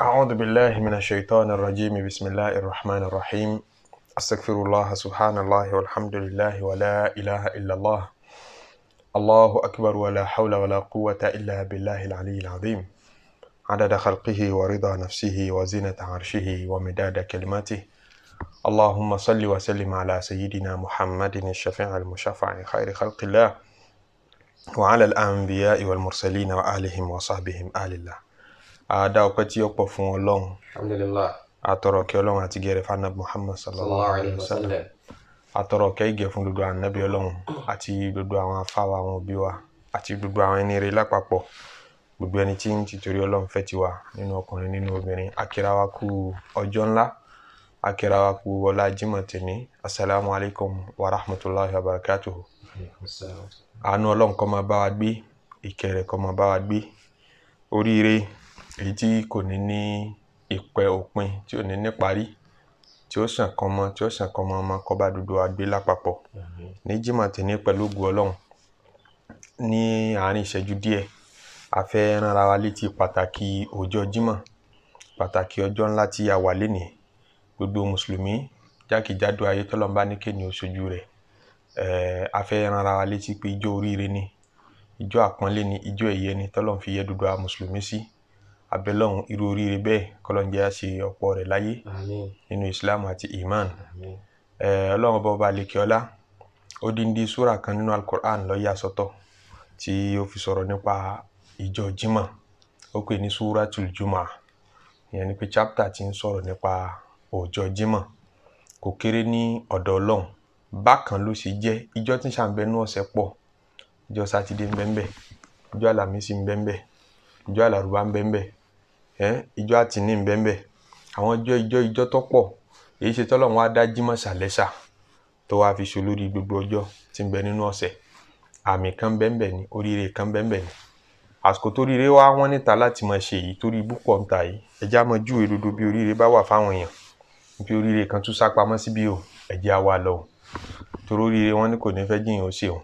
أعوذ بالله من الشيطان الرجيم بسم الله الرحمن الرحيم أستغفر الله سبحان الله والحمد لله ولا إله إلا الله الله أكبر ولا حول ولا قوة إلا بالله العلي العظيم عدد خلقه ورضا نفسه وزنة عرشه ومداد كلماته اللهم صل وسلم على سيدنا محمد الشفيع المشفع خير خلق الله وعلى الأنبياء والمرسلين وآلهم وصحبهم آل الله a dá ọpẹ́ tí ó pọ̀ fún Ọlọ́run alhamdulillah a tọrọ kí Ọlọ́run àti gẹrẹ fanabu Muhammad sallallahu alayhi wa sallam a tọrọ kẹ́ ìgẹ̀ fún gbogbo ànábì Ọlọ́run àti gbogbo àwọn afáwa àwọn òbí wa àti gbogbo àwọn ẹni rere lápapọ̀ gbogbo ẹni tí ń tìtorí Ọlọ́run fẹ́ tiwa nínú ọkùnrin nínú obìnrin akírawa kú ọjọ́ ńlá akírawa kú ọlá Jímọ̀ tèmi asalaamu alaykum wa rahmatulahi wa barakatuhu. àánú Ọlọ́run kó máa bá wa gbé ìkẹ́ rẹ̀ kó máa bá wa gbé oríire èyí tí kò ní ní ìpẹ́ òpin tí ò ní ní parí tí ó sàn kan mọ tí ó sàn kan mọ ọmọ kọba dúdú agbé lápapọ̀ ní jimá tèmi pẹ̀lú ògùn ọlọ́run ní àárín ìṣẹ́jú díẹ̀ a fẹ́ ránra wa létí pàtàkì ọjọ́ jimá pàtàkì ọjọ́ ńlá tí a wà lénìí gbogbo mùsùlùmí jákèjádò ayé tọ́lọ́mbá ní kéènì oṣojú rẹ̀ a fẹ́ ránra wa létí pé ijó oríire ni ijó àpọ́nlé ni ijó ẹ̀yẹ ni tọ́lọ́m fi yẹ dúdú a mùsùlùmí sí. Si abẹ́lọ́hún irú oríire bẹ́ẹ̀ kọ́lọ́njẹ́ á ṣe ọ̀pọ̀ rẹ̀ láyé nínú islam àti iman ọlọ́run ọba ọba àlekèọ́lá odindi súrà kan nínú alukur'an ló yà sọ́tọ̀ tí ó fi sọ̀rọ̀ nípa ìjọ jimá ó pè ní súratul jumá ìyẹn ni pé chapter ti ń sọ̀rọ̀ nípa òòjọ́ jimá kò kéré ní ọ̀dọ̀ ọlọ́run bákan ló ṣe jẹ́ ìjọ tí sàǹbẹ́nú ọ̀sẹ̀ pọ̀ ìjọ sátidé ń bẹ́ńbẹ́ ìjọ àlàmísì ń bẹ́ńbẹ́ ìjọ àlàrúbá ń bẹ́ńbẹ́ ìjọ àtìní ń bẹ́ẹ̀ bẹ́ẹ̀ àwọn ìjọ ìjọ ìjọ tó pọ̀ èyí ṣe tọ́lọ̀ wọn á dá jímọ̀ sàlẹ́sà tó wàá fi ṣe olórí gbogbo ọjọ́ tí ń bẹ nínú ọ̀sẹ̀ àmì kan bẹ́ẹ̀ bẹ́ẹ̀ ni oríire kan bẹ́ẹ̀ bẹ́ẹ̀ ni àsìkò tó ríire wá wọ́n níta láti máa ṣe èyí torí ibú pọ̀ níta yìí ẹja máa júwe dodo bí oríire bá wà fáwọn èèyàn bí oríire kan tún sápamọ́ síbí o ẹ̀jẹ̀ àwa lọ o torí oríire wọn ni kò ní fẹ́ jíyàn ó ṣeun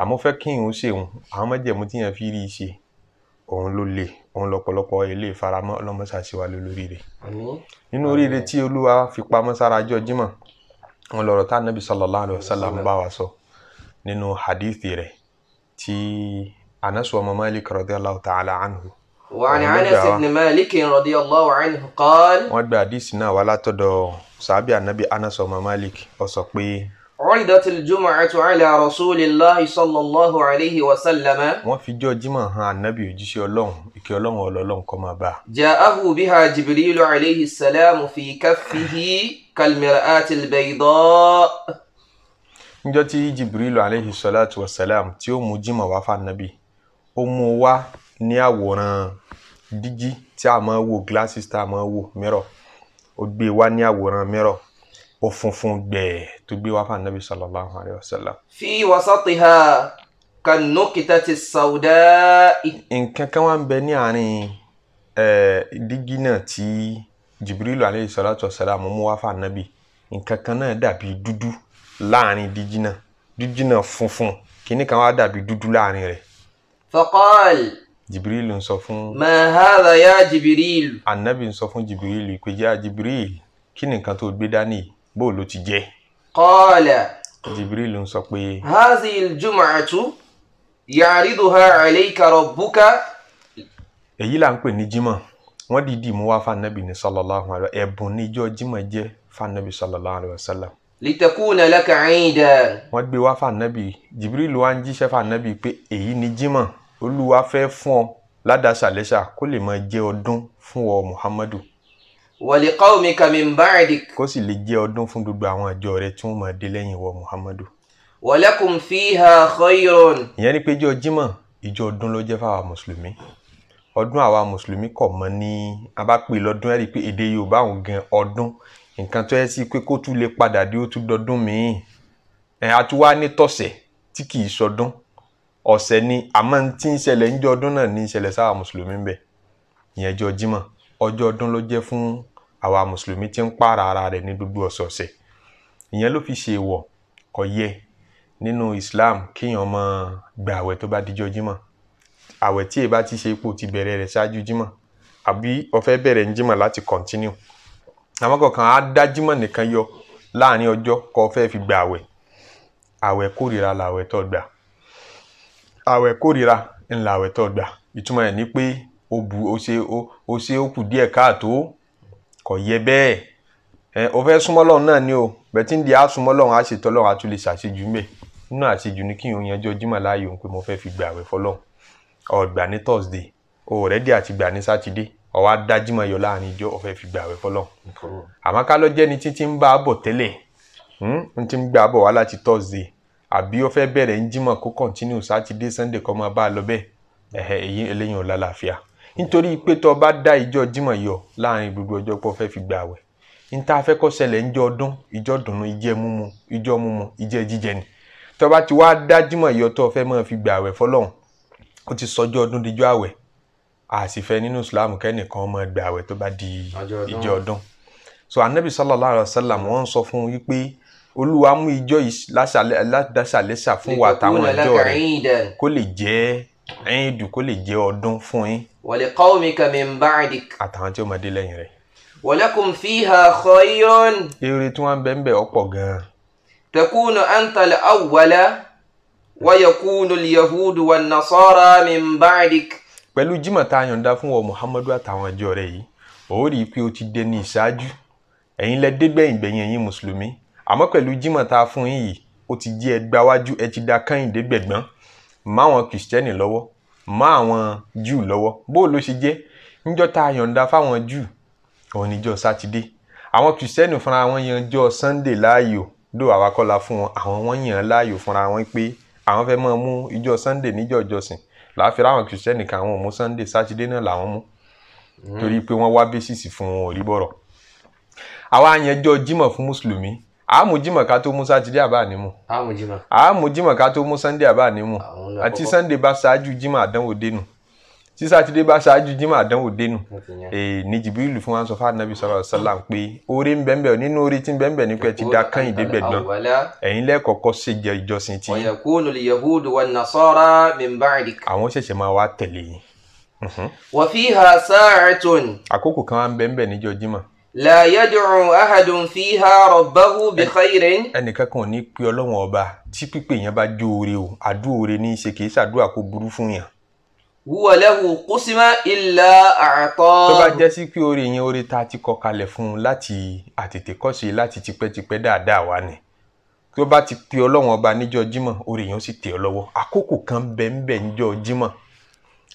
àmọ́ fẹ́ kíyàn ó ṣeun àwọn mẹ́jẹ̀mú tíyàn fi rí i ṣe òun ló le òun lọ́pọ̀lọpọ̀ ilé ìfaramọ́ ọlọ́mọṣà ṣe wá lórí rẹ̀. nínú oríire tí olúwa fi pamọ́ sára ọjọ́ jímọ̀ òun lọ̀rọ̀ tá nàbì sallallahu alaihi wasallam bá wa sọ nínú hadithi rẹ̀ tí Anas ọmọ Malik radiyallahu ta'ala anhu. wa an Anas ibn Malik radiyallahu anhu qala. wọ́n gba hadith náà wá látọ̀dọ̀ sàbí anabi Anas ọmọ Malik ó pé عرضت الجمعة على رسول الله صلى الله عليه وسلم wọ́n fi jọ́ jímọ̀ hàn ànábì òjíṣẹ́ ọlọ́run ìkẹ́ ọlọ́run ọlọ́run kó máa bá. جاءه بها جبريل عليه السلام في كفه كالمرآة البيضاء. níjọ́ tí jibril aleyhi salatu wasalam tí ó mú jímọ̀ wá fànàbì ó mú wá ní àwòrán dígí tí a máa ń wò glasses tá a máa ń wò ó gbé e wá ní àwòrán mẹ́rọ̀ ó funfun gbẹ̀ẹ́ tó gbé wá fún anabi sallallahu alayhi wa sallam. fi wasatiha kanukitati sawda'i. nǹkan kan wà ń bẹ ní àárín dígí náà tí jibrilu alayhi salatu wa salam mú wá fún anabi nǹkan kan náà dàbí dúdú láàrin dígí náà dígí náà funfun kìíní kan wá dàbí dúdú láàrin rẹ̀. faqal. jibrilu ń sọ fún. ma hadha anabi ń sọ fún jibrilu pé ya kí ni nǹkan tó gbé dání yìí bó ló ti jẹ́. qala. jibril ń sọ pé. hazil jum'atu ya'riduha alayka rabbuka. èyí là ń pè ní jímọ̀ wọ́n dìídì mú wá fanabi ní sallallahu alaihi wa sallam ẹ̀bùn níjọ́ jímọ̀ jẹ́ fanabi sallallahu alaihi wa sallam litakuna laka iida. wọ́n gbé wá fànàbì jibril wa ń jíṣẹ́ fànàbì pé èyí ni jímọ̀ olúwa fẹ́ fún ọ ládàásà lẹ́sà kó lè máa jẹ́ ọdún fún ọ muhammadu wali qawmika min ba'dik. kó sì lè jẹ́ ọdún fún gbogbo àwọn àjọ rẹ tí wọ́n máa dé lẹ́yìn wọ muhammadu. walakum fiha khayrun. ìyẹn ni pé ìjọ jímọ̀ ìjọ ọdún ló jẹ́ fáwa mùsùlùmí ọdún àwa mùsùlùmí kọ̀ mọ́ ní abápè lọ́dún ẹ̀rí pé èdè yorùbá òun gan ọdún nǹkan tó yẹ sí pé kó tún lè padà dé ó tún dọdún míì a tún wá ní tọ̀sẹ̀ tí kì í sọdún ọ̀sẹ̀ ni àmọ́ tí ń ṣẹlẹ̀ ń jọ ọdún náà ní ìṣẹ̀lẹ̀ sáà mùsùlùmí ń ìyẹn jọ jímọ̀ ọjọ́ ọdún ló jẹ́ fún àwa mùsùlùmí tí ń pààrà ara rẹ̀ ní gbogbo ọ̀sọ̀ọ̀sẹ̀ ìyẹn ló fi ṣe èèwọ̀ kò yẹ nínú Islam kéèyàn máa gba àwẹ̀ tó bá dijọ́ jímọ̀ àwẹ̀ tí èèbá ti ṣe ipò ti bẹ̀rẹ̀ rẹ̀ ṣáájú jímọ̀ àbí ó bẹ̀rẹ̀ ń jímọ̀ láti continue àwọn kọ̀ọ̀kan á dá jímọ̀ nìkan yọ láàrin ọjọ́ kó fẹ́ fi gba àwẹ̀ àwẹ̀ kórìíra làwẹ̀ tó gbà àwẹ̀ kórìíra ńlá àwẹ̀ tó gbà ìtumọ̀ ẹ̀ ní pé ó bu ó ṣe ó ṣe ó kù díẹ̀ káàtó kò yẹ bẹ́ẹ̀ ẹ o fẹ́ súnmọ́ lọ́run náà ni o bẹ̀tí ń di á súnmọ́ lọ́run á ṣètọ́ lọ́run á tún lè ṣàṣejù mẹ́ nínú àṣejù ni kí n yanjú ọjímọ̀ láàyè òun pé mo fẹ́ fi gbààwẹ̀ fọlọ́run ọ̀gbà ní Thursday òrẹ́dì àti gbà ní sátidé ọwọ́ adájímọ̀ yọ láàrin ijó ọ̀fẹ́ fi gbààwẹ̀ fọlọ́run àmọ́ ká ló jẹ́ ni títí ń bá a bọ̀ tẹ́lẹ̀ ń hmm? ti ń gbà bọ̀ wá láti Thursday àbí ó fẹ́ bẹ̀rẹ̀ ń jímọ̀ kó continue sátidé Sunday kọ́ máa bá a lọ bẹ́ẹ̀ ẹ̀hẹ́ èyí eléyìí ò lálàáfíà nítorí pé tó bá dá ìjọ Jímọ̀ yọ láàrin gbogbo ọjọ́ pọ̀ fẹ́ fi gbà wẹ̀ níta afẹ́kọ́ ṣẹlẹ̀ ńjọ́ ọdún ìjọ dùnú ìjẹ múmu ìjọ múmu ìjẹ jíjẹ ni tó bá ti wá dá Jímọ̀ yọ tó fẹ́ máa fi gbà wẹ̀ fọlọ́hún ó ti sọjọ́ ọdún díjọ́ àwẹ̀ àsìfẹ́ nínú Islam kẹ́nìkan máa gbà wẹ̀ tó bá di ìjọ ọdún so anabi sallallahu alayhi wa sallam wọ́n sọ fún wípé olúwa mú ìjọ yìí lásàlẹ́sà fún wa àtàwọn ìjọ rẹ̀ kó lè jẹ́ ẹ̀ẹ́dù kó lè jẹ́ ọdún fún yín. wa li qawmika min ba'dik. àtàwọn tí ó máa dé lẹ́yìn rẹ̀. wa lakum fiha khayrun. eré tí wọ́n ń bẹ ń bẹ ọ̀pọ̀ gan-an. takunu anta al-awwala wa yakunu al-yahudu wan-nasara min ba'dik. pẹ̀lú jimá tá a fún wọn muhammadu àtàwọn ìjọ rẹ̀ yìí ó rí i pé ó ti dé ní ìṣáájú ẹ̀yin lẹ dégbẹ̀yìn gbẹ̀yìn má àwọn kìrìsìtẹ́nì lọ́wọ́ má àwọn júù lọ́wọ́ bó ló ṣe jẹ́ níjọ́ tá a yọ̀ǹda fáwọn júù òun níjọ́ sátidé àwọn kìrìsìtẹ́nì fúnra wọn yanjọ́ sunday láàyò dó àwa kọ́la fún wọn àwọn wọn yàn láàyò fúnra wọn pé àwọn fẹ́ máa mú ìjọ sunday níjọ́ ìjọsìn láàfin àwọn kìrìsìtẹ́nì kan àwọn ò mú sunday sátidé náà làwọn mú hmm. torí pé wọ́n wá bẹ́sìsì fún wọn ò rí bọ̀rọ̀ àwa yanjọ́ jímọ̀ fún mùsùlùmí àmùjímọ̀ ká tó mú sátidé àbá nímú àmùjímọ̀ ká tó mú sannde àbá nímú àti sannde bá ṣáájú jímọ̀ àdánwò dénú tí sátidé bá ṣáájú jímọ̀ àdánwò dénú ní jìbìrìlù fún wa sọ fún anabi sọlá sọlá ń pé oore ń bẹ́ẹ̀ nínú oore tí ń bẹ́ẹ̀ ní pẹ́ ti da kán ìdébẹ̀ dán ẹ̀yin lẹ́ẹ̀kọ́kọ́ ṣe jẹ ìjọsìn tí. àwọn ṣẹ̀ṣẹ̀ máa wá tẹ̀lé yín. wọ́n fi hà sáà لا yad'u ahadun فيها ربه بخير. khairin. ẹnìkan kan ò ní pe ọlọ́run ọba tí pípé yẹn bá jó oore o àdúróore ní í ṣe kì í ṣàdúrà kó burú fún yàn. huwa lahu qusma illa a'ta. tó bá jẹ́ sí pé oore yẹn oore tá a ti kọ kalẹ̀ fún un láti àtètèkọ́ṣe láti tipẹ́tipẹ́ dáadáa wá ni tó bá ti pe ọlọ́run ọba níjọ́ jímọ̀ oore yẹn ó sì tẹ̀ ọ́ lọ́wọ́ àkókò kan bẹ́ẹ̀ bẹ́ẹ̀ níjọ́ jímọ̀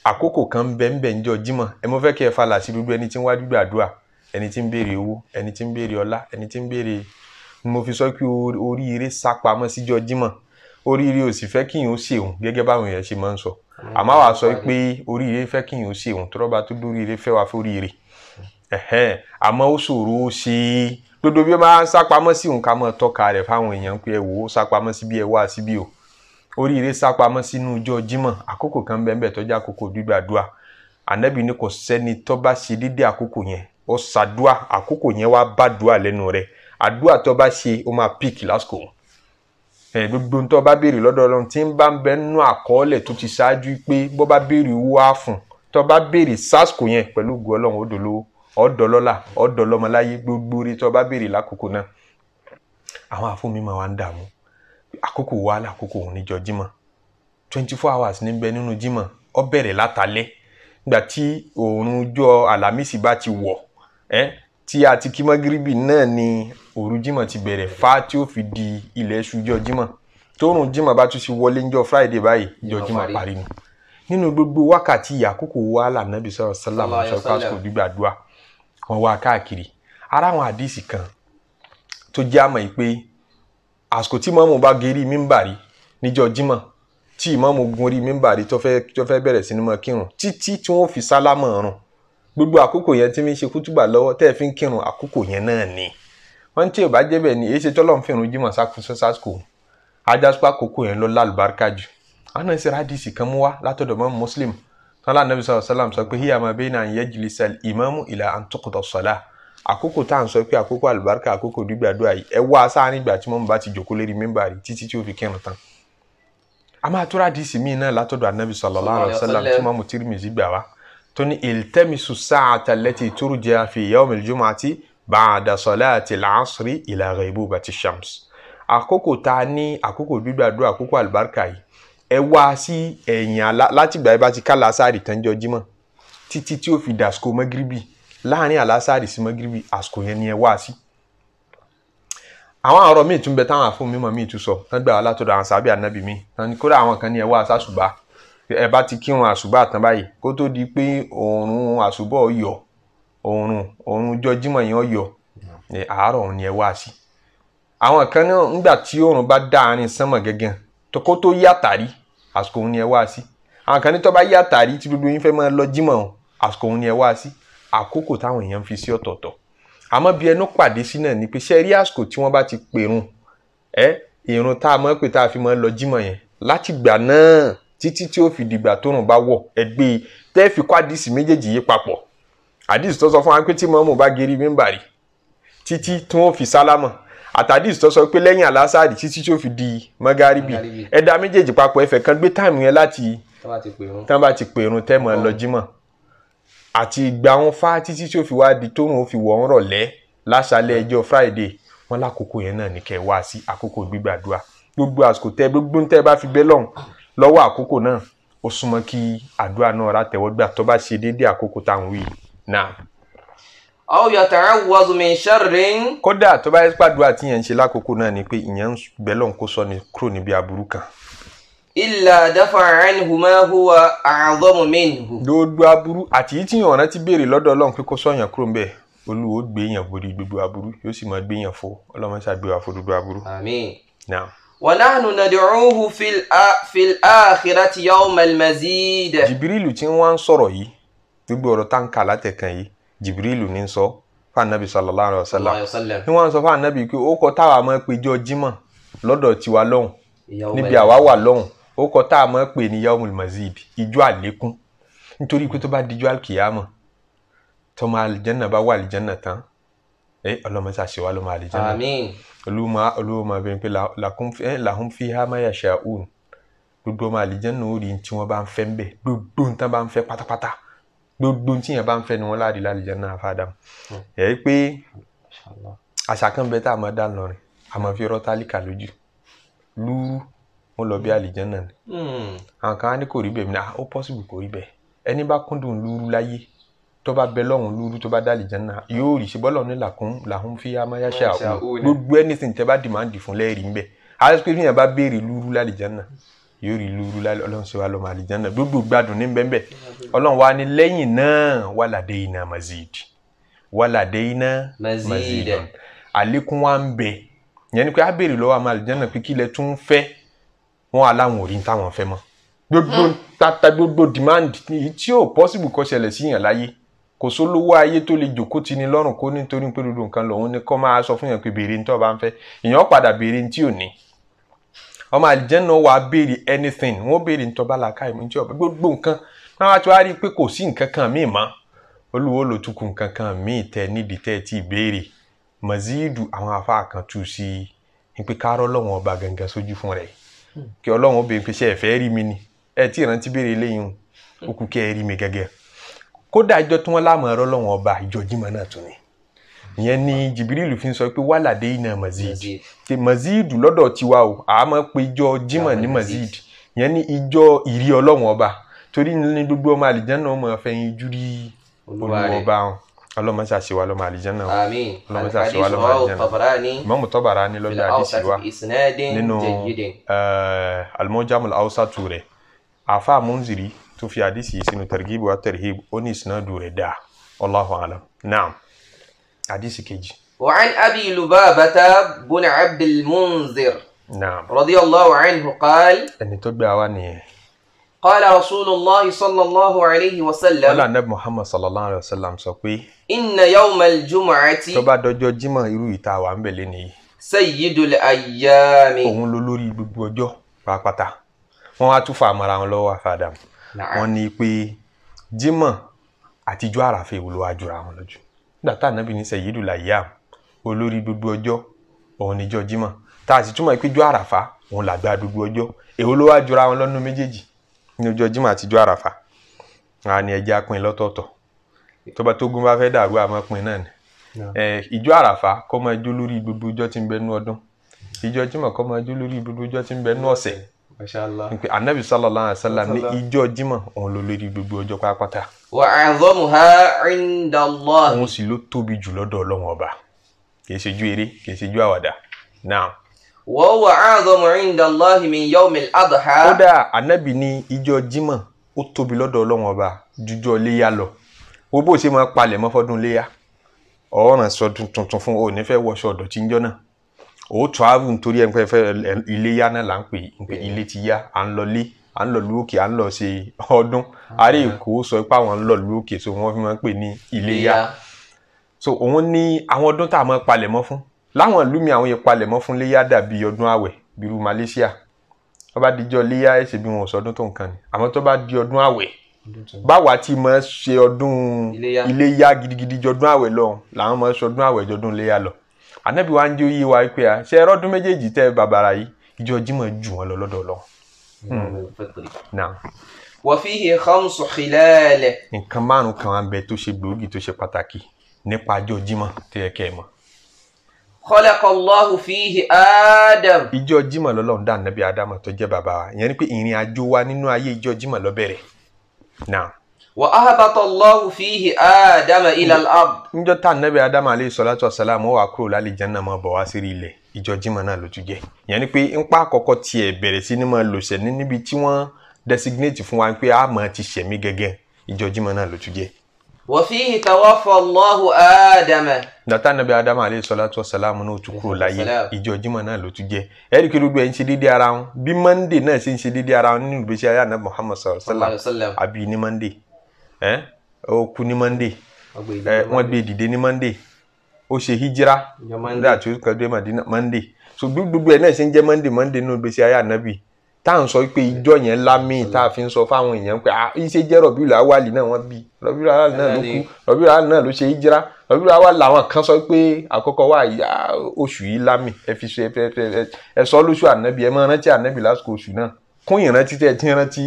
àkókò kan bẹ́ẹ̀ bẹ́ẹ̀ níjọ́ jímọ̀ ẹ mọ fẹ́ kí ẹ falà sí gbogbo ẹni tí ń wá gbígbàdúrà ẹni tí ń béèrè owó ẹni tí ń béèrè ọlá ẹni tí ń béèrè mo fi sọ pé oríire sápamọ́ síjọ́ jímọ̀ oríire ò sì fẹ́ kí n ó ṣeun gẹ́gẹ́ báwọn èèyàn ṣe máa ń sọ àmọ́ wàá sọ pé oríire fẹ́ kí n ó ṣeun tọ́lọ́ba tó dóríire fẹ́ wá fóríire àmọ́ ó ṣòro ó ṣe é gbogbo bí ó máa ń sápamọ́ sí òun ká mọ́ tọ́ka rẹ̀ fáwọn èèyàn pé ẹ wò ó sápamọ́ sí bí ẹ wá síbí o oríire sápamọ́ sínú ọjọ́ jímọ̀ àkókò kan bẹ́ẹ̀ bẹ́ẹ̀ tọ́jú àkókò gbígbàdúrà ànábì ni kò sẹ́ni tó bá ṣe déédéé àkókò yẹn ó ṣàdúà àkókò yẹn wá bá dùà lẹ́nu rẹ̀ àdúà tó bá ṣe ó máa pík lásìkò ẹ gbogbo tó bá béèrè lọ́dọ̀ Ọlọ́run tí ń bá ń bẹ nínú àkọọ́lẹ̀ tó ti ṣáájú pé bó bá béèrè owó á fún tó bá béèrè sásìkò yẹn pẹ̀lú ògùn Ọlọ́run ó dolówó ọ̀dọ́lọ́lá ọ̀dọ́lọ́mọláyé gbogbo rí tó bá béèrè lákòókò náà àwọn àfúnmi máa ń dààmú àkókò wa lákòókò òun níjọ jímọ̀ twenty four hours ní bẹ nínú jímọ̀ ó bẹ̀rẹ̀ látàlẹ́ nígbà tí òòrùn ọjọ́ àlàmísì bá ti wọ̀ ẹ tí a ti kí mọ́gíríbì náà ni òru jímọ̀ ti bẹ̀rẹ̀ fa tí ó fi di ilẹ̀ ṣújọ́ jímọ̀ tóòrùn jímọ̀ bá tún ti wọlé níjọ́ friday báyìí ìjọ jímọ̀ parí ni nínú gbogbo wákàtí àkókò wa lànàbí sọ̀rọ̀ sálàmù sọ pásítọ̀ gbígbàdúrà wọn wá káàkiri ara àwọn àdìsí kan tó jẹ́ àmọ̀ yìí pé àsìkò tí mọ́mù bá gerí mímbàrí níjọ́ jímọ̀ tí ìmọ̀mù gun orí mímbàrí tó fẹ́ bẹ̀rẹ̀ sí ní mọ́ kírun títí tí wọ́n fi sálámọ̀ rùn gbogbo àkókò yẹn tí mi ṣe kútùbà lọ́wọ́ tẹ́ ẹ fi ń kírun àkókò yẹn náà ni wọ́n tí ò bá jẹ́ bẹ́ẹ̀ ni èyí ṣe tọ́lọ́ ń fìrun jímọ̀ sákòóso sásìkò ajásùpá àkókò yẹn lọ lálùbáríkà jù àwọn náà ṣe rádìsì kan mú wá látọ̀dọ̀ mọ́ muslim sọlá anabi sọlá sọlá sọ pé hiya ma bayna an yajlisa al-imamu ila an tuqda as-salah àkókò tá à ń sọ pé àkókò àlùbáríkà àkókò gbígbàdúrà yìí ẹ wá sáà nígbà tí mọ́mú bá ti jòkó lérí mímbà rí títí tí ó fi kírun tán a máa tó rádìsì míì náà látọ̀dọ̀ anabi sallallahu alaihi wasallam tí mọ́mú Tirmidhi gbà wá tó ní iltamisu sáàtà lẹ́tì turja fi yawmil jumu'ati ba'da salati al-asri ila ghaibubati shams àkókò tá a ní àkókò gbígbàdúrà àkókò àlùbáríkà yìí ẹ wá sí ẹ̀yìn àlá láti gbà ẹ bá ti ká làásàrì tán jọ jímọ̀ títí tí ó fi dàsíkò mọ́gíríbì láàrin àlàásàrì sí mọ́gíríbì àsìkò yẹn ni ẹ wá sí àwọn ọ̀rọ̀ míì tún bẹ táwọn àfún mímọ̀ míì tún sọ tán gbà wá látọ̀dọ̀ àwọn sábẹ́ ànábì míì kódà àwọn kan ní ẹ wá sásùbà ẹ bá ti kírun àṣùbà tán báyìí kó tó di pé oòrùn àṣùbọ̀ yọ oòrùn oòrùn jọ yẹn yọ àárọ̀ òun ni ẹ wá sí àwọn kan náà ńgbà tí oòrùn bá dá àárín sánmọ̀ gẹ́gẹ́ kó tó yá tàrí àsìkò òun ni ẹ wá sí àwọn kan ní tó bá yá tàrí tí gbogbo yín fẹ́ máa lọ jímọ̀ àsìkò òun ni ẹ wá sí àkókò táwọn èèyàn fi sí ọ̀tọ̀ọ̀tọ̀ àmọ́ bí ẹnu pàdé sí náà ni pé ṣe rí àsìkò tí wọ́n bá ti pèrun ẹ ìrun tá a mọ̀ pé tá a fi máa lọ jímọ̀ yẹn látìgbà náà títí tí ó fi dìgbà tóòrùn bá wọ̀ ẹgbẹ́ e. tẹ́ fi kọ́ àdìsí méjèèjì yìí papọ̀ àdìsí tó sọ fún wa pé tí mọ́mù bá geri mímbàrí títí tí wọ́n fi sálámọ̀ àtàdìsí tó sọ pé lẹ́yìn àlásàrì títí tí ó fi di mọ́gáríbì ẹ̀dá méjèèjì papọ̀ ẹ̀fẹ̀ kan gbé táìmù yẹn láti tán bá ti pèrun tẹ́mọ̀ ẹ lọ àti ìgbà wọn fá títí tí ó fi wá di tóòrùn ó fi wọ̀ ń rọ̀lẹ́ lásàlẹ̀ ẹjọ́ Friday wọn lákòókò yẹn náà ní kẹ́ wá sí àkókò gbígbàdúrà gbogbo àsìkò tẹ gbogbo tẹ bá fi bẹ́ lọ́hùn lọ́wọ́ àkókò náà ó súnmọ́ kí àdúrà náà rátẹ̀wọ́gbà tó bá ṣe déédéé àkókò táwọn wí náà. aw yata'awwadhu min sharrin. kódà tó bá yẹ pàdúrà tí yẹn ń ṣe lákòókò náà ni pé ìyẹn ń bẹ lọ́n kó sọ ni kúrò níbi aburú kan. illa dafa'a anhu ma huwa a'zamu minhu. gbogbo aburú àti yìí tí yàn rántí béèrè lọ́dọ̀ Ọlọ́run pé kó sọ yàn kúrò ńbẹ̀ olúwo gbé yàn borí gbogbo aburú yóò sì máa gbé yàn fo Ọlọ́run wàláhùn nàdìrúhù fìlàkìrátì yawmal mazid. jìbìrìlù tí wọ́n ń sọ̀rọ̀ yìí gbogbo ọ̀rọ̀ tá ń kà látẹ̀kàn yìí jìbìrìlù ní sọ fún anabi sallallahu alayhi wa sallam ní wọ́n sọ fún anabi pé ó kọ táwa máa pe jọ jímọ̀ lọ́dọ̀ tiwa lọ́hùn níbi àwa wà lọ́hùn ó kọ táwa máa pe ní yawmal mazid ìjọ àlékún nítorí pé tó bá dijọ́ àkìyàmọ̀ tọ́mọ àlìjẹ́nà bá wà àlìjẹ́nà tán ẹ ọlọ́mọ sàṣẹwà lọ́mọ àlìjẹ́nà. àmín olu ma olu ma bẹ pé la ẹ làhún fi há má yàṣà òun gbogbo ọmọ àlìjẹ́nu ò rí tí wọ́n bá ń fẹ́ ń bẹ̀ gbogbo nǹkan bá ń fẹ́ pátápátá gbogbo tí yẹn bá ń fẹ́ ni wọ́n láàdì lálìjẹ́nu àfàdà ẹ̀ hmm. ẹ́ pé àṣà kan bẹ tá a máa dá lọrin a ma fi rọ́tà líkà lójú lúrú wọn lọ bí hmm. àlìjẹ́nu ni hmm. àwọn kan á ní kò rí bẹ́ẹ̀ mi náà ah, ó pọ́sibù kò rí bẹ́ẹ̀ ẹni bá kúndùn lúrú láyé tó bá bẹ lọ́hùn lúrú tó bá dálì jẹ́nà yóò rí ṣe bọ́lọ̀ ní làkún làhún fi amáyáṣá òun gbogbo anything tẹ́ bá dìmáàdì fún lẹ́ẹ̀rí ńbẹ àyẹ̀sọ́ pé fìyàn bá béèrè lúrú lálì jẹ́nà yóò rí lúrú ọlọ́run ṣe wá lọ́mọ àlìjẹ́nà gbogbo gbádùn ní bẹ́ẹ̀ bẹ́ẹ̀ ọlọ́run wa ni lẹ́yìn náà wà iná mazid wà ládé iná mazid àlékún wa ń bẹ yẹn ni pé á béèrè lọ́wọ́ àmọ́ àlìjẹ́nà pé kí lẹ tún fẹ́ wọn hmm. possible kó ṣẹlẹ̀ síyàn láyé kò sólówó ayé tó lè jòkó ti ni lọ́rùn kó nítorí pé dúdú nǹkan lòun ni kọ́ máa sọ fún yàn pé béèrè ní tó bá ń fẹ́ èèyàn padà béèrè ní tí ò ní ọmọ àlìjẹ́nà wàá béèrè anything wọ́n béèrè ní tó bá làákà ìmú tí ọ̀bẹ gbogbo nǹkan náà wá tí wàá rí i pé kò sí nǹkan kan míì mọ́ olùwó ló tukùn nǹkan kan míì tẹ nídìí tẹ́ ti béèrè mọ̀zídù àwọn afá kan tú sí i pé kárọ́ lọ́wọ́n ọba gangan sójú fún rẹ̀ hmm. kí ọlọ́wọ́n obìnrin pèsè ẹ̀fẹ́ rí mi ni ẹ̀ tí ìrántí béèrè lẹ́yìn òkú kẹ́ ẹ rí mi gẹ́gẹ́ kódà ìjọ tí wọ́n lámọ̀ ẹ̀rọ lọ́wọ́n ọba ìjọ Jímọ̀ náà tún ni ìyẹn ni Jìbìrìlù fi ń sọ pé wàlàdé iná mazid ti mazid lọ́dọ̀ tiwa o àmọ́ pé ìjọ Jímọ̀ ní mazid ìyẹn ni ìjọ ìrí ọlọ́wọ́n ọba torí ní gbogbo ọmọ àlìjáná ọmọ ẹ̀fẹ̀yìn ojú rí olùwọ́ ọba wọn ọlọ́mọ ṣe àṣewà lọ́mọ àlìjáná wọn ọlọ́mọ ṣe àṣewà lọ́mọ àlìjáná mọ́mú tọ́bàrà ni lọ́dọ̀ àdìsíwá nínú al-Mu'jam al àfa Munziri tó fi àdísì yìí sínú targhibu wa tarhib ó ní ìsinádù rẹ̀ dáa wallahu alam naam àdísì kejì. وعن أبي لبابة بن عبد المنذر نعم رضي الله عنه قال أن تبع قال رسول الله صلى الله عليه وسلم ولا نبي محمد صلى الله عليه وسلم سوكي إن يوم الجمعة تبع دجو جمع يرو يتاوى عمبليني سيد الأيام òun lolórí gbogbo ọjọ́ pàápàá wọn á tún wọ́n ní pé jímọ̀ àtijọ́ àràfẹ́ ìwòlò àjùrà wọn lójú nígbà tá ànábì ní sẹ́yìdù làyà olórí gbogbo ọjọ́ òun níjọ́ jímọ̀ tá a sì túmọ̀ pé jọ́ àràfà òun làgbà gbogbo ọjọ́ èwo ló wá jura wọn lọ́nu méjèèjì ní ọjọ́ jímọ̀ àtijọ́ àràfà àá ní ẹja pin lọ́tọ̀ọ̀tọ̀ tó bá tógun bá fẹ́ dàrú àmọ́ pin náà ni ìjọ àràfà kọ́ máa jó lórí gbogbo ọjọ́ tí ń bẹ nú ọdún ìjọ jímọ̀ kọ́ máa jó lórí gbogbo ọjọ́ tí ń bẹ nú ọ̀sẹ̀ pé anabi sallallahu alayhi wa sallam ní ìjọ jimá òun ló lórí gbogbo ọjọ́ pápátá. wa a'zamuha inda Allah. òun sì ló tóbi jù lọ́dọ̀ ọlọ́wọ́n ọba kì í ṣe ju eré kì í ṣe ju àwàdà náà. wa huwa a'zamu inda Allah min yawmil adha. kódà anabi ní ìjọ jimá ó tóbi lọ́dọ̀ ọlọ́wọ́n ọba jújọ léyà lọ wo bó ṣe máa palẹ̀ mọ́ fọ́dún léyà ọ̀ràn sọdún tuntun fún òní fẹ́ wọṣọ ọ̀dọ̀ tí ń jọ náà ó travel nítorí ẹ ń fẹ́ ilé yá náà là ń pè pé ilé ti yá à ń lọ lé à ń lọ lu òkè à ń lọ ṣe ọdún àárẹ̀ èkó sọ pé àwọn ń lọ lu òkè so wọ́n fi máa ń pè ní ilé yá so òun ní àwọn ọdún tá a máa palẹ̀ mọ́ fún láwọn ìlú mi àwọn yẹn palẹ̀ mọ́ fún léyà dàbí ọdún àwẹ̀ bíi irú Malaysia tó bá dijọ́ léyà ẹ̀ ṣe bí wọn ò sọ ọdún tó nǹkan ni àmọ́ tó bá di ọdún àwẹ̀ báwa ti máa ṣe ọdún iléyà gidigidi jọdún àwẹ̀ lọ làwọn máa ṣe ọdún àwẹ̀ jọdún léyà lọ ànábì wa ń jẹ́ oyé wa pé a ṣe ẹrọ́dún méjèèjì tẹ́ bàbàrà yìí ìjọ Jímọ̀ jù wọn lọ lọ́dọ̀ lọ. Hmm. wa fihi khamsu khilal. nǹkan márùn-ún kan wà ń bẹ tó ṣe gbòógì tó ṣe pàtàkì nípa ìjọ Jímọ̀ tó yẹ kẹ́ ẹ mọ̀. khalaqa Allahu fihi Adam. ìjọ Jímọ̀ lọ́lọ́run dá ànábì Ádámù tó jẹ́ ni pé ìrìn àjò wa nínú ayé ìjọ Jímọ̀ ló bẹ̀rẹ̀ náà wa ahabatallahu fihi adama ilal ard. níjọ́ tá nẹ́bí adama aleyhi salatu wasalaam wà kúrò lálẹ́ jẹ́nà máa bọ̀ wá sí ilẹ̀ ìjọ jimá náà lójú jẹ́ ìyẹn ni pé ńpa àkọ́kọ́ tiẹ̀ bẹ̀rẹ̀ sí ni máa lòṣẹ̀ ní níbi tí wọ́n designate fún wa pé a máa ti ṣẹ̀mí gẹ́gẹ́ ìjọ jimá náà lójú jẹ́. wa fihi tawaffallahu adama. dàtà nẹ́bí adama aleyhi salatu wasalaam náà tún kúrò láyé ìjọ jimá náà lójú jẹ́ ẹ̀rí kí gbogbo ẹ̀ ń ṣe ara wọn monday náà ṣe ń ṣe ara wọn nínú ìgbésí ayé àná muhammad sallallahu alayhi wa sallam àbí monday o eh? ó kú ní monday ẹ wọ́n gbé eh, dìde ní monday ó ṣe hijira nígbà tí ó kọjú madina monday so gbogbo ẹ náà ṣe ń jẹ́ monday monday nínú gbèsè ayé ànábì tá à ń sọ pé ìjọ yẹn lámì tá a fi ń sọ fáwọn èèyàn pé ah iṣẹ́ jẹ́ rọ̀bí làwálì náà wọ́n bí rọ̀bí làwálì náà ló kú rọ̀bí làwálì náà ló ṣe hijira rọ̀bí làwálì làwọn kan sọ pé àkọ́kọ́ wà oṣù yìí lámì ẹ fi ṣe ẹ sọ lóṣù ànábì ẹ máa rántí ànábì lásìkò oṣù náà kún ìrántí tẹ tí ìrántí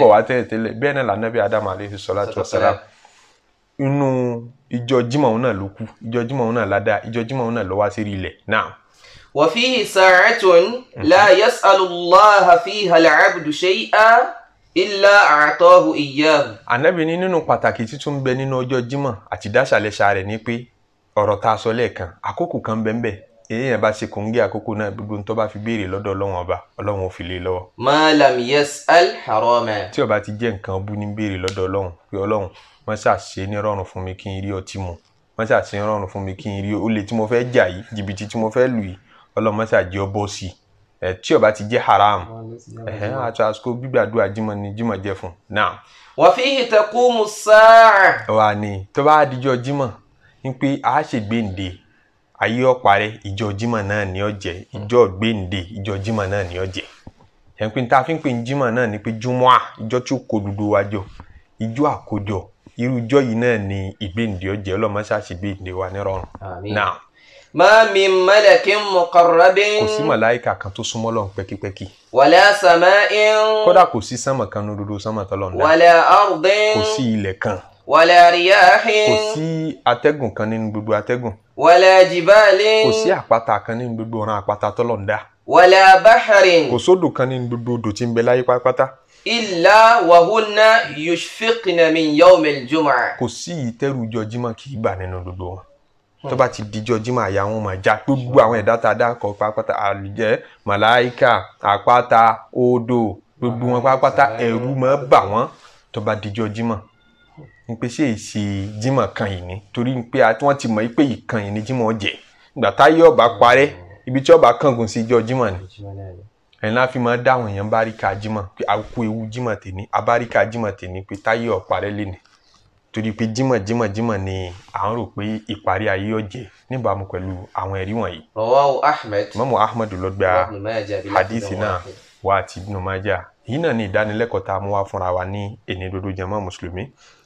bọ̀ wá tẹ́lẹ̀tẹ́lẹ̀ bẹ́ẹ̀ náà lànàbí adamu aleyhi salatu wasalam inú ìjọ jimá òun náà ló kú ìjọ jimá òun náà ládàá ìjọ jimá òun náà ló wá sí rí ilẹ̀ náà. wa fihi la yas'alu Allaha fiha al-'abdu shay'an illa a'tahu iyyahu. ànábì ní nínú pàtàkì títún bẹ nínú ọjọ́ jimá àti dáṣàlẹ́ṣà rẹ̀ ní pé ọ̀rọ̀ tá a sọ kan bẹ́ẹ̀ èèyàn bá ṣe kòńgẹ́ àkókò náà gbogbo tó bá fi béèrè lọ́dọ̀ ọlọ́run ọba ọlọ́run ò fi lé e lọ́wọ́. malam yes al harama. tí ó bá ti jẹ́ nǹkan bú ní béèrè lọ́dọ̀ ọlọ́run pé ọlọ́run wọ́n ṣàṣe ní rọrùn fún mi kí n rí ọtí mu wọ́n ṣàṣe ní rọrùn fún mi kí n rí olè tí mo fẹ́ jà yìí jìbìtì tí mo fẹ́ lù yìí ọlọ́run wọ́n ṣàjẹ́ ọ bọ́ sí tí ó ti jẹ́ haram àti àsìkò gbígbàdúrà jímọ̀ ni jímọ̀ jẹ́ fún náà. wa fihi taqumu sáà. wà á ní tó bá jímọ̀ ń pé a ṣègbè ǹde ayé ọ̀parẹ́ ìjọ jimá náà ni ó jẹ́ ìjọ gbéǹde ìjọ jimá náà ni ó jẹ́ ẹnpẹ tá a fi ń pè jimá náà ni pé jumua ìjọ tí ó kó gbogbo wa jọ ìjọ àkójọ irú ìjọ yìí náà ni ìgbéǹde ó jẹ́ ọlọmọṣáṣí gbéǹde wa nírọ̀rùn náà. Ma min malakin muqarrabin. Kò sí màláìka kan tó súnmọ́ lọ́n pẹ́kípẹ́kí. Wala sama'in. Kódà kò sí sánmà kan ní dodo sánmà tọ́lọ̀ wala riyahin. kò sí atẹ́gùn kan nínú gbogbo atẹ́gùn. wala jibalin. kò sí àpáta kan nínú gbogbo ọ̀ràn àpáta tọ́lọ̀ ń dá. wala bahrin. kò sódò kan nínú gbogbo odò tí ń bẹ láyé pátápátá. illa wahunna yushfiqna min yawmil jumu'ah. kò sí ìtẹ́rù ìjọ kì í bà nínú gbogbo wọn tó bá ti dijọ́ jímọ̀ àyà wọn máa já gbogbo àwọn ẹ̀dá tá a dá kọ pápátá àlùjẹ́ màláìka àpáta odò gbogbo wọn pápátá ẹ̀rù máa bà wọ́n tó bá dijọ́ jímọ̀ ní pé ṣé èsì Jímọ̀ kan yìí ni torí pé wọ́n ti mọ̀ pé ìkan yìí ni Jímọ̀ jẹ́ ìgbà táyé ọba parẹ́ ibi tí ọba kángun sí jọ Jímọ̀ ni ẹ̀ńlá fi máa dáhùn èèyàn báríkà Jímọ̀ pé àkókò ewu Jímọ̀ tèmi abáríkà Jímọ̀ tèmi pé táyé ọ̀parẹ́ lè ní torí pé Jímọ̀ Jímọ̀ Jímọ̀ ni à ń rò pé ìparí ayé ọ̀jẹ̀ níbàámu pẹ̀lú àwọn ẹ̀rí wọ̀nyí. rọwáwò Ahmed mọ́mọ́ Ahmed ló gba hadithi náà wá àti Ibn Majah yìí náà ni ìdánilẹ́kọ̀ọ́ tá a mú wá fúnra wa ní ènìdodo jẹ́mọ́ mùsùlùmí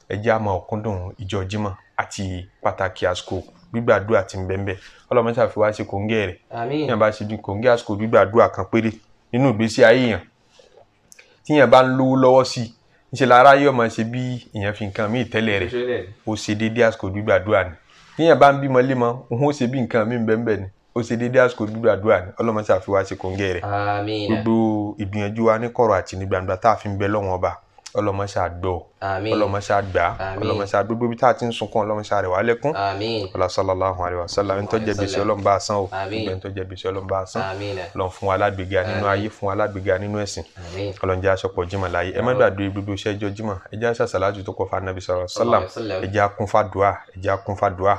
ẹ jẹ́ àmọ́ ọ̀kúndùn ìjọ jímọ̀ àti pàtàkì àsìkò gbígbàdúrà tí ń bẹ ń bẹ ọlọ́mọ tí a fi wá ṣe kòńgẹ́ rẹ̀ ní àbá ṣe kòńgẹ́ àsìkò gbígbàdúrà kan péré nínú ìgbésí ayé yẹn tí yẹn bá ń lówó lọ́wọ́ sí i ńṣe lára yóò máa ṣe bí èèyàn fi nǹkan míì tẹ́lẹ̀ rẹ̀ ó ṣe déédéé àsìkò gbígbàdúrà ni tí yẹn bá ń bímọ lémọ òun ó ṣe bí nǹkan míì bẹ́ẹ̀ ni ó ṣe déédéé àsìkò gbígbàdúrà ni ọlọ́mọ tí ṣe kòńgẹ́ rẹ̀ gbogbo ìgbìyànjú wa ní kọ̀rọ̀ àti ní tá a fi ń bẹ lọ́wọ́n ọba ọlọmọṣà gbọ́ ọlọmọṣà gbà ọlọmọṣà gbogbo ibi tá a ti ń sunkún ọlọmọṣà rẹ̀ wà lẹ́kún ọlọsọlọláhùn àríwá sọlá ẹni tó jẹ gbèsè ọlọmọba àsán o ẹni tó jẹ gbèsè ọlọmọba àsán ọlọmọ fún wa alágbèga nínú ayé fún wa alágbèga nínú ẹ̀sìn ọlọmọjẹ aṣọpọ jimá láyé ẹ má gbàdúrà gbogbo iṣẹ́ ìjọ jimá ẹ jẹ́ aṣàṣàlájú tó kọ́ fa anabi sọlá ẹ jẹ́ akúnfàdùà ẹ jẹ́ akúnfàdùà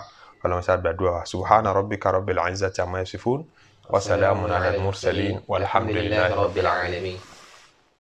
ọlọmọṣà gbàdúrà subhana rabbika rabbil izzati amma yasifun wa salamun